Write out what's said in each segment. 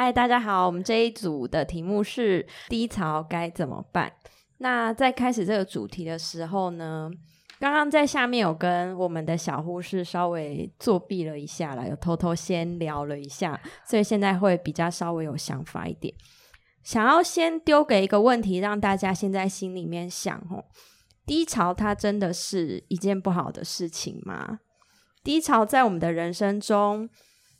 嗨，大家好，我們這一組的題目是低潮該怎麼辦？那在開始這個主題的時候呢，剛剛在下面有跟我們的小護士稍微作弊了一下啦，有偷偷先聊了一下，所以現在會比較稍微有想法一點。想要先丟給一個問題，讓大家先在心裡面想哦：低潮它真的是一件不好的事情嗎？低潮在我們的人生中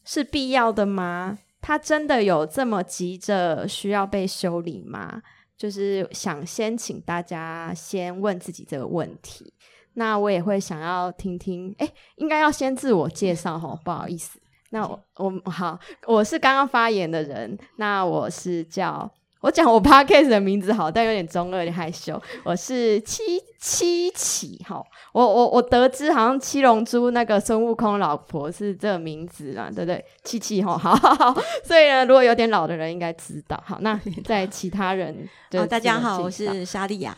是必要的嗎？他真的有這麼急着需要被修理嗎？就是想先請大家先問自己這個問題。那我也會想要聽聽。哎、欸，應該要先自我介紹齁，不好意思。那我我好，我是剛剛發言的人。那我是叫。我講我 podcast 的名字好，但有點中二，有點害羞。我是七七起，齁，我我我得知好像七龍珠那個孫悟空老婆是這個名字了，對不對？七起，齁，好，好好。所以呢，如果有點老的人應該知道。好，那在其他人、啊，大家好，我是莎莉亞。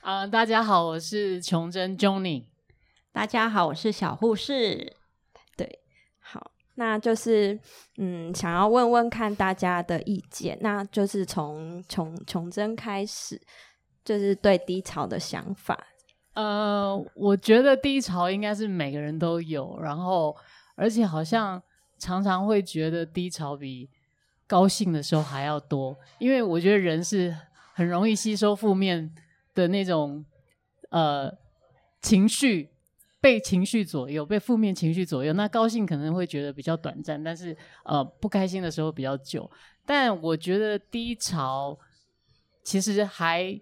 啊，大家好，我是瓊珍 Johnny。大家好，我是小護士。那就是嗯，想要問問看大家的意見。那就是從從從真開始，就是對低潮的想法。呃，我覺得低潮應該是每個人都有，然後而且好像常常會覺得低潮比高興的時候還要多，因為我覺得人是很容易吸收負面的那種呃情緒。被情緒左右，被負面情緒左右。那高興可能會覺得比較短暫，但是呃，不開心的時候比較久。但我覺得低潮其實還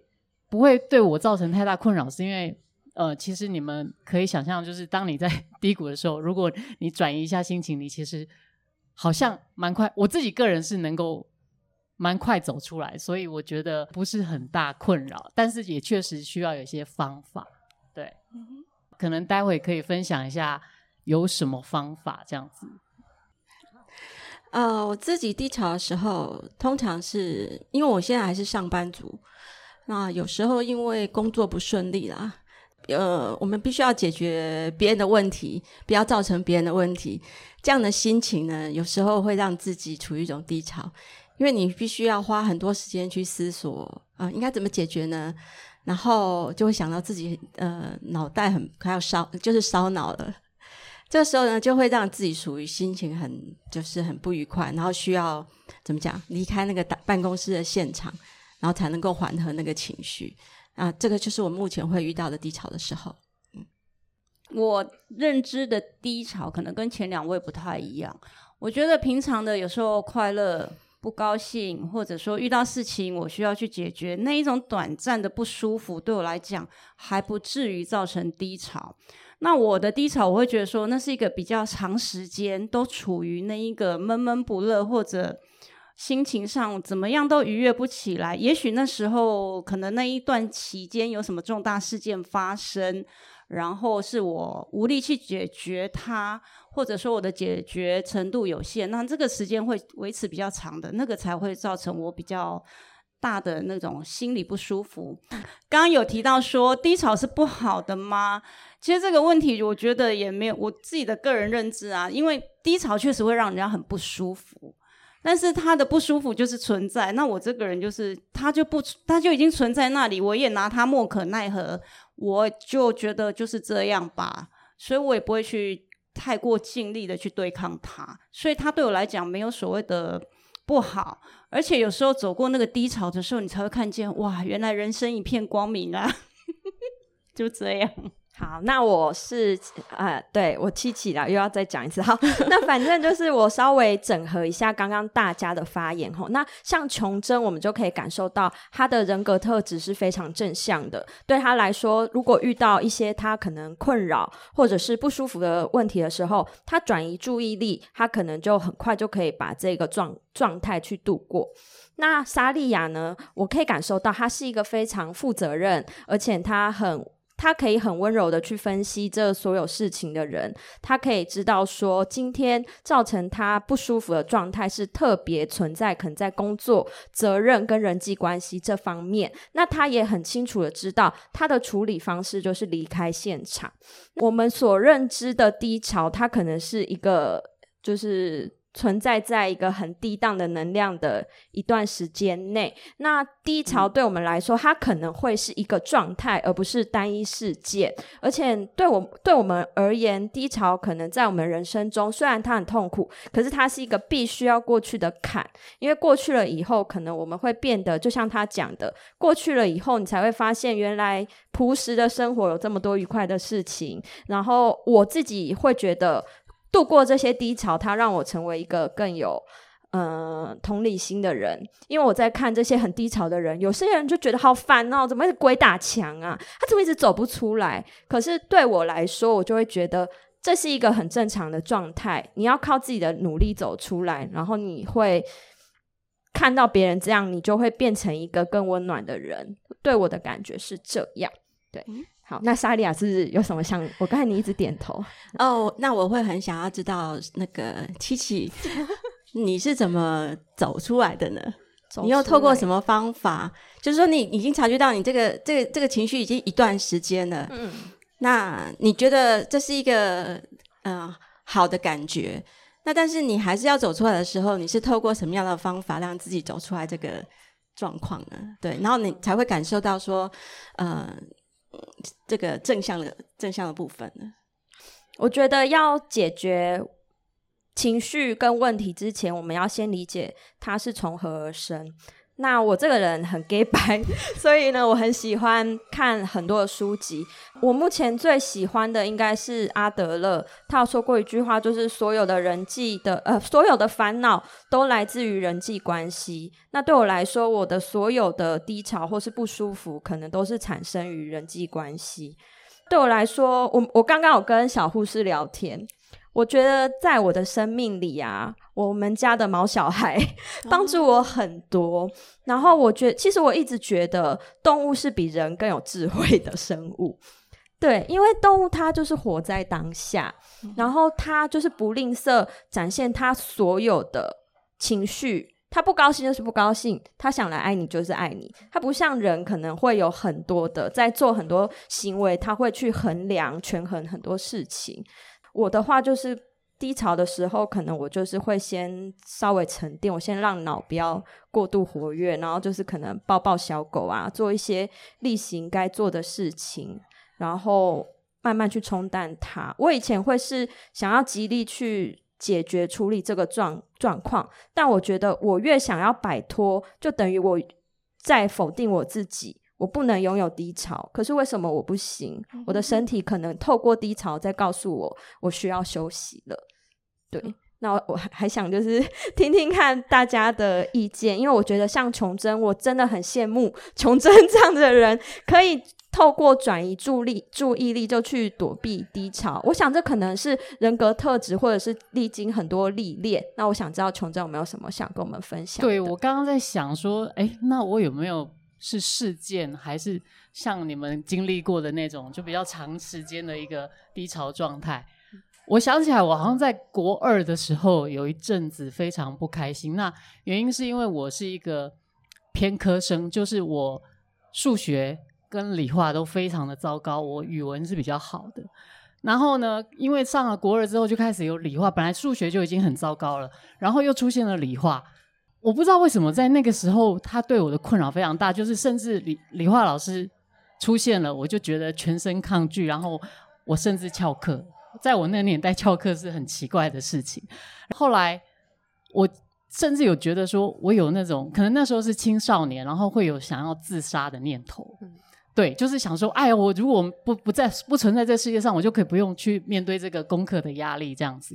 不會對我造成太大困擾，是因為呃，其實你們可以想象，就是當你在低谷的時候，如果你轉移一下心情，你其實好像蠻快。我自己個人是能夠蠻快走出來，所以我覺得不是很大困擾，但是也確實需要有一些方法。對。嗯可能待會可以分享一下有什麼方法這樣子。呃，我自己低潮的時候，通常是因為我現在還是上班族，那有時候因為工作不順利啦，呃，我們必須要解決別人的問題，不要造成別人的問題，這樣的心情呢，有時候會讓自己處於一種低潮，因為你必須要花很多時間去思索。啊，應該怎麼解決呢？然後就會想到自己，呃，腦袋很快要燒，就是燒腦了。這時候呢，就會讓自己屬於心情很，就是很不愉快，然後需要怎麼講，離開那個打辦公室的現場，然後才能夠緩和那個情緒。啊，這個就是我目前會遇到的低潮的時候。嗯，我認知的低潮可能跟前兩位不太一樣。我覺得平常的有時候快樂。不高興，或者說遇到事情我需要去解決，那一種短暫的不舒服對我來講還不至於造成低潮。那我的低潮，我會覺得說那是一個比較長時間都處於那一個悶悶不樂，或者心情上怎麼樣都愉悅不起來。也許那時候可能那一段期間有什麼重大事件發生。然後是我無力去解決它，或者說我的解決程度有限，那這個時間會維持比較長的，那個才會造成我比較大的那種心理不舒服。剛剛有提到說低潮是不好的嗎？其實這個問題我覺得也沒有，我自己的個人認知啊，因為低潮確實會讓人家很不舒服，但是他的不舒服就是存在。那我這個人就是他就不，他就已經存在那裡，我也拿他莫可奈何。我就覺得就是這樣吧，所以我也不會去太過盡力的去對抗他，所以他對我來講沒有所謂的不好，而且有時候走過那個低潮的時候，你才會看見，哇，原來人生一片光明啊， 就這樣。好，那我是呃，對，我七起啦，又要再講一次。好， 那反正就是我稍微整合一下剛剛大家的發言。吼， 那像瓊珍，我們就可以感受到他的人格特質是非常正向的。對他來說，如果遇到一些他可能困擾或者是不舒服的問題的時候，他轉移注意力，他可能就很快就可以把這個狀狀態去度過。那莎莉亞呢，我可以感受到他是一個非常負責任，而且他很。他可以很溫柔的去分析這所有事情的人，他可以知道說，今天造成他不舒服的狀態是特別存在，可能在工作責任跟人際關係這方面。那他也很清楚的知道，他的處理方式就是離開現場。我們所認知的低潮，他可能是一個就是。存在在一個很低檔的能量的一段時間內，那低潮對我們來說，它可能會是一個狀態，而不是單一事件。而且對我對我們而言，低潮可能在我們人生中，雖然它很痛苦，可是它是一個必須要過去的坎。因為過去了以後，可能我們會變得就像他講的，過去了以後，你才會發現原來樸實的生活有這麼多愉快的事情。然後我自己會覺得。度過這些低潮，它讓我成為一個更有嗯、呃、同理心的人。因為我在看這些很低潮的人，有些人就覺得好煩哦，怎麼是鬼打牆啊？他怎麼一直走不出來？可是對我來說，我就會覺得這是一個很正常的狀態。你要靠自己的努力走出來，然後你會看到別人這樣，你就會變成一個更溫暖的人。對我的感覺是這樣，對。嗯好，那莎莉亞是，是有什麼想？我剛才你一直點頭哦。Oh, 那我會很想要知道，那個七七，琪琪 你是怎麼走出來的呢？ 你又透過什麼方法？就是說，你已經察覺到你這個、這個、這個情緒已經一段時間了。嗯，嗯，那你覺得這是一個呃好的感覺？那但是你還是要走出來的時候，你是透過什麼樣的方法讓自己走出來這個狀況呢？對，然後你才會感受到說，呃。嗯，這個正向的正向的部分呢，我覺得要解決情緒跟問題之前，我們要先理解它是從何而生。那我這個人很假掰，所以呢，我很喜歡看很多的書籍。我目前最喜歡的應該是阿德勒，他有說過一句話，就是所有的人際的呃，所有的煩惱都來自於人際關係。那對我來說，我的所有的低潮或是不舒服，可能都是產生於人際關係。對我來說，我我剛剛有跟小護士聊天。我覺得在我的生命裡啊，我們家的毛小孩幫 助我很多。然後我覺得，其實我一直覺得動物是比人更有智慧的生物。對，因為動物它就是活在當下，然後它就是不吝嗇展現它所有的情緒。它不高興就是不高興，它想來愛你就是愛你。它不像人，可能會有很多的在做很多行為，它會去衡量、權衡很多事情。我的話就是低潮的時候，可能我就是會先稍微沉澱，我先讓腦不要過度活躍，然後就是可能抱抱小狗啊，做一些例行該做的事情，然後慢慢去沖淡它。我以前會是想要極力去解決、處理這個狀狀況，但我覺得我越想要擺脫，就等於我在否定我自己。我不能擁有低潮，可是為什麼我不行？嗯、我的身體可能透過低潮在告訴我，我需要休息了。對、嗯，那我還想就是聽聽看大家的意見，因為我覺得像瓊真，我真的很羨慕瓊真這樣的人，可以透過轉移助力注意力就去躲避低潮。我想這可能是人格特質，或者是歷經很多歷練。那我想知道瓊真有沒有什麼想跟我們分享？對，我剛剛在想說，哎、欸，那我有沒有？是事件，還是像你們經歷過的那種，就比較長時間的一個低潮狀態？我想起來，我好像在國二的時候有一陣子非常不開心。那原因是因為我是一個偏科生，就是我數學跟理化都非常的糟糕，我語文是比較好的。然後呢，因為上了國二之後就開始有理化，本來數學就已經很糟糕了，然後又出現了理化。我不知道為什麼在那個時候，他對我的困擾非常大，就是甚至理理化老師出現了，我就覺得全身抗拒，然後我甚至翹課。在我那個年代，翹課是很奇怪的事情。後來我甚至有覺得說，我有那種可能那時候是青少年，然後會有想要自殺的念頭。對，就是想說，哎，我如果不不在不存在在這世界上，我就可以不用去面對這個功課的壓力，這樣子。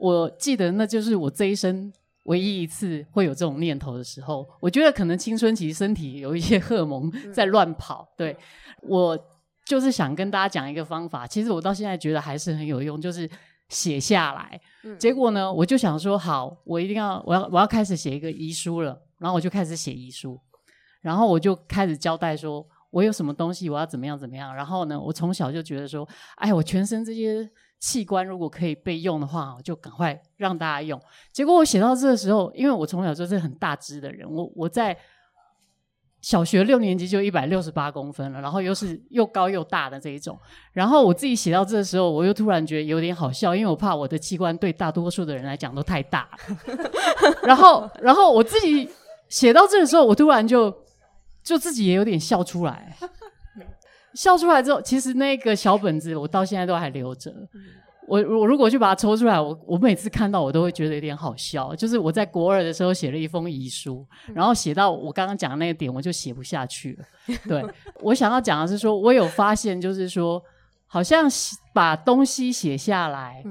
我記得那就是我這一生。唯一一次會有這種念頭的時候，我覺得可能青春期身體有一些荷爾蒙在亂跑，嗯。對，我就是想跟大家講一個方法。其實我到現在覺得還是很有用，就是寫下來。結果呢，我就想說，好，我一定要，我要，我要開始寫一個遺書了。然後我就開始寫遺書，然後我就開始交代說，我有什麼東西，我要怎麼樣怎麼樣。然後呢，我從小就覺得說，哎，我全身這些。器官如果可以被用的話，我就趕快讓大家用。結果我寫到這的時候，因為我從小就是很大只的人，我我在小學六年級就一百六十八公分了，然後又是又高又大的這一種。然後我自己寫到這的時候，我又突然覺得有點好笑，因為我怕我的器官對大多數的人來講都太大了。 然後，然後我自己寫到這的時候，我突然就就自己也有點笑出來。笑出來之後，其實那個小本子我到現在都還留着、嗯。我我如果去把它抽出來，我我每次看到我都會覺得有點好笑。就是我在國二的時候寫了一封遺書、嗯，然後寫到我剛剛講的那個點，我就寫不下去了。嗯、對，我想要講的是說，我有發現，就是說，好像把東西寫下來，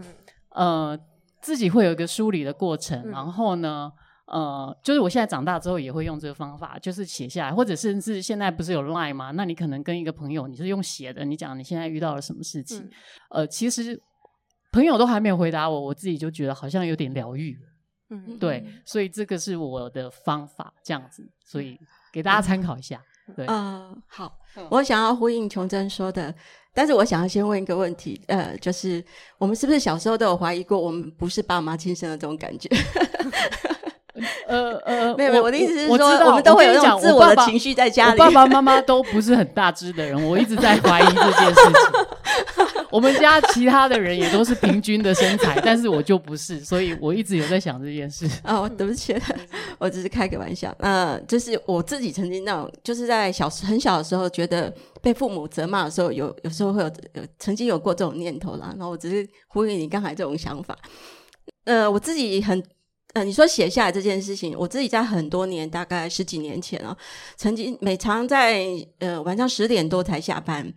呃，自己會有一個梳理的過程，然後呢。嗯呃，就是我現在長大之後也會用這個方法，就是寫下來，或者甚至現在不是有 Line 嘛？那你可能跟一個朋友，你是用寫的，你講你現在遇到了什麼事情？嗯、呃，其實朋友都還沒有回答我，我自己就覺得好像有點療癒，嗯，對嗯，所以這個是我的方法，這樣子，嗯、所以給大家參考一下。嗯、對，啊、呃，好、嗯，我想要呼應瓊珍說的，但是我想要先問一個問題，呃，就是我們是不是小時候都有懷疑過我們不是爸媽親生的這種感覺？ 呃呃，沒、呃、有，我的意思是說，我們都會有那種自我的情緒在家裡。我我爸爸媽媽都不是很大只的人， 我一直在懷疑這件事情。 我們家其他的人也都是平均的身材， 但是我就不是，所以我一直有在想這件事。啊、哦，對不起，我只是開個玩笑。那、呃、就是我自己曾經那種，就是在小時很小的時候，覺得被父母責罵的時候，有有時候會有，有曾經有過這種念頭啦。然後我只是呼籲你剛才這種想法。呃，我自己很。呃，你說寫下來這件事情，我自己在很多年，大概十幾年前哦，曾經每常在呃晚上十點多才下班，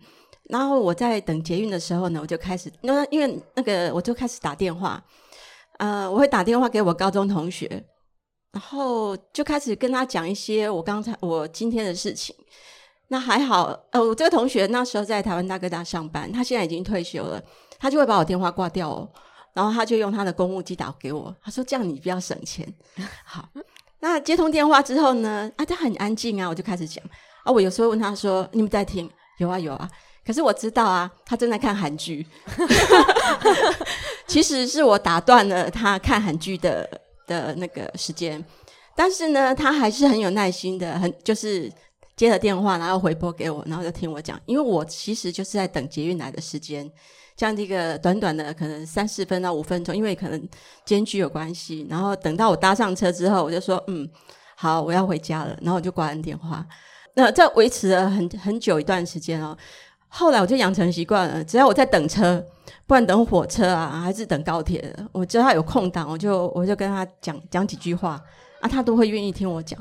然後我在等捷運的時候呢，我就開始那因為那個我就開始打電話，呃，我會打電話給我高中同學，然後就開始跟他講一些我剛才我今天的事情。那還好，呃，我這個同學那時候在台灣大哥大上班，他現在已經退休了，他就會把我電話掛掉哦。然後他就用他的公務機打給我，他說：“這樣你比較省錢。”好，那接通電話之後呢？啊，他很安靜啊，我就開始講啊。我有時候問他說：“你們在聽？”有啊，有啊。可是我知道啊，他正在看韓劇。 其實是我打斷了他看韓劇的的那個時間，但是呢，他還是很有耐心的，很就是。接了電話，然後回撥給我，然後就聽我講。因為我其實就是在等捷運來的時間，這樣一個短短的可能三四分到五分鐘，因為可能間距有關係。然後等到我搭上車之後，我就說：“嗯，好，我要回家了。”然後我就掛完電話。那這維持了很很久一段時間哦。後來我就養成習慣了，只要我在等車，不管等火車啊，還是等高鐵，我知道他有空檔，我就我就跟他講講幾句話啊，他都會願意聽我講。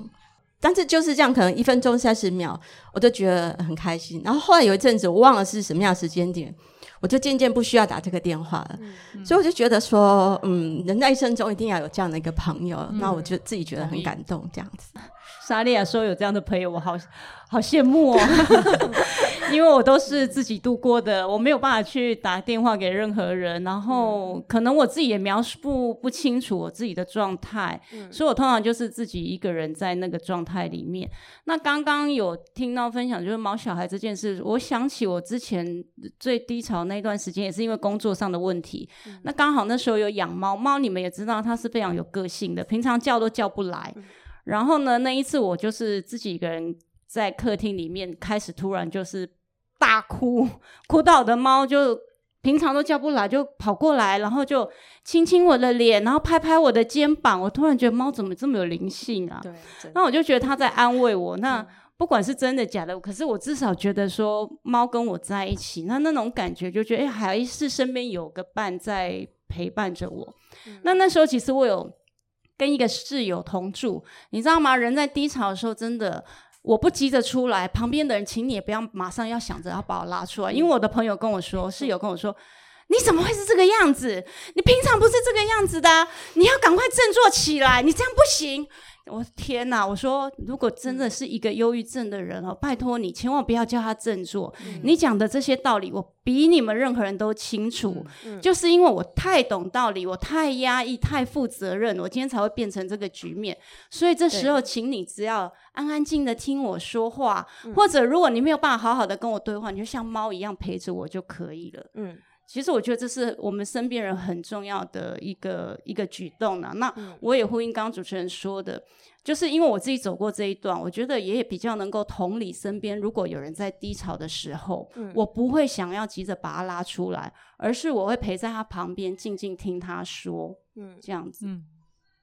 但是就是這樣，可能一分鐘三十秒，我就覺得很開心。然後後來有一陣子，我忘了是什麼樣時間點，我就漸漸不需要打這個電話了、嗯嗯。所以我就覺得說，嗯，人在一生中一定要有這樣的一個朋友，嗯、那我就自己覺得很感動這樣子。莎莉亞說有這樣的朋友，我好好羨慕哦、喔。 因為我都是自己度過的，我沒有辦法去打電話給任何人，然後可能我自己也描述不不清楚我自己的狀態、嗯，所以我通常就是自己一個人在那個狀態裡面。嗯、那剛剛有聽到分享，就是毛小孩這件事，我想起我之前最低潮那段時間，也是因為工作上的問題、嗯。那剛好那時候有養貓，貓你們也知道，它是非常有個性的，平常叫都叫不來。嗯、然後呢，那一次我就是自己一個人。在客廳裡面開始突然就是大哭，哭到我的貓就平常都叫不來，就跑過來，然後就親親我的臉，然後拍拍我的肩膀。我突然覺得貓怎麼這麼有靈性啊？對。那我就覺得它在安慰我。那不管是真的假的、嗯，可是我至少覺得說貓跟我在一起，那那種感覺就覺得哎，還是身邊有個伴在陪伴着我、嗯。那那時候其實我有跟一個室友同住，你知道嗎？人在低潮的時候真的。我不急着出來，旁邊的人，請你也不要馬上要想着要把我拉出來，因為我的朋友跟我說，嗯、室友跟我說。你怎麼會是這個樣子？你平常不是這個樣子的，啊，你要趕快振作起來！你這樣不行。我、oh, 天哪！我說，如果真的是一個憂鬱症的人哦，拜托你千萬不要叫他振作。Mm -hmm. 你講的這些道理，我比你們任何人都清楚，mm -hmm. 就是因為我太懂道理，我太壓抑，太負責任，我今天才會變成這個局面。所以這時候，請你只要安安靜的聽我說話，mm -hmm. 或者如果你沒有辦法好好的跟我對話，你就像貓一樣陪着我就可以了。嗯、mm -hmm.。其實我覺得這是我們身邊人很重要的一個一個舉動呢、啊。那我也呼應剛剛主持人說的，就是因為我自己走過這一段，我覺得也、也比較能夠同理身邊如果有人在低潮的時候、嗯，我不會想要急着把他拉出來，而是我會陪在他旁邊，靜靜聽他說，嗯、這樣子。嗯、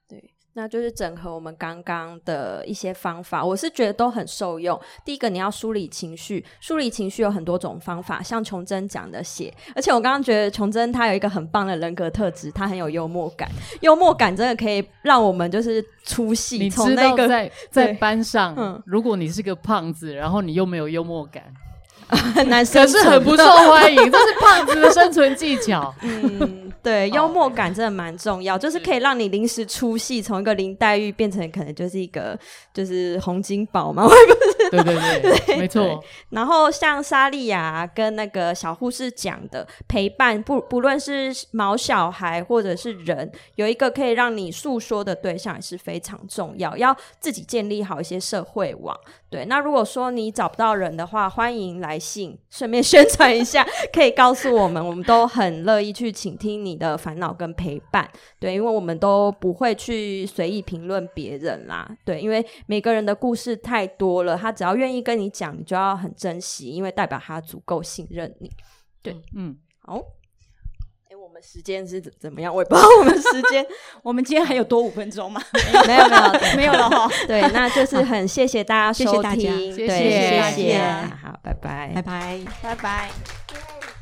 對。那就是整合我們剛剛的一些方法，我是覺得都很受用。第一個，你要梳理情緒，梳理情緒有很多種方法，像瓊真講的寫。而且我剛剛覺得瓊真她有一個很棒的人格特質，她很有幽默感。幽默感真的可以讓我們就是出戲。你知道在，在、那個、在班上、嗯，如果你是個胖子，然後你又沒有幽默感， 男生笑可是很不受歡迎。 這是胖子的生存技巧。 嗯對，oh, 幽默感真的蠻重要，okay。就是可以讓你臨時出戲，從一個林黛玉變成可能就是一個就是洪金寶嘛， 我也不知道，對對對，對對對，沒錯。然後像莎莉亞跟那個小護士講的，陪伴不不論是毛小孩或者是人，有一個可以讓你訴說的對象也是非常重要，要自己建立好一些社會網。對，那如果說你找不到人的話，歡迎來信，順便宣傳一下， 可以告訴我們，我們都很樂意去傾聽你的煩惱跟陪伴。對，因為我們都不會去隨意評論別人啦。對，因為每個人的故事太多了，他只要願意跟你講，你就要很珍惜，因為代表他足夠信任你。對，嗯，好。我們時間是怎，怎麼樣？我也不知道我們時間， 我們今天還有多五分鐘嗎？ 沒有沒有沒有了哈。對，那就是很謝謝大家收聽，謝謝大家，謝謝、謝，謝、啊、好，拜拜，拜拜，拜拜。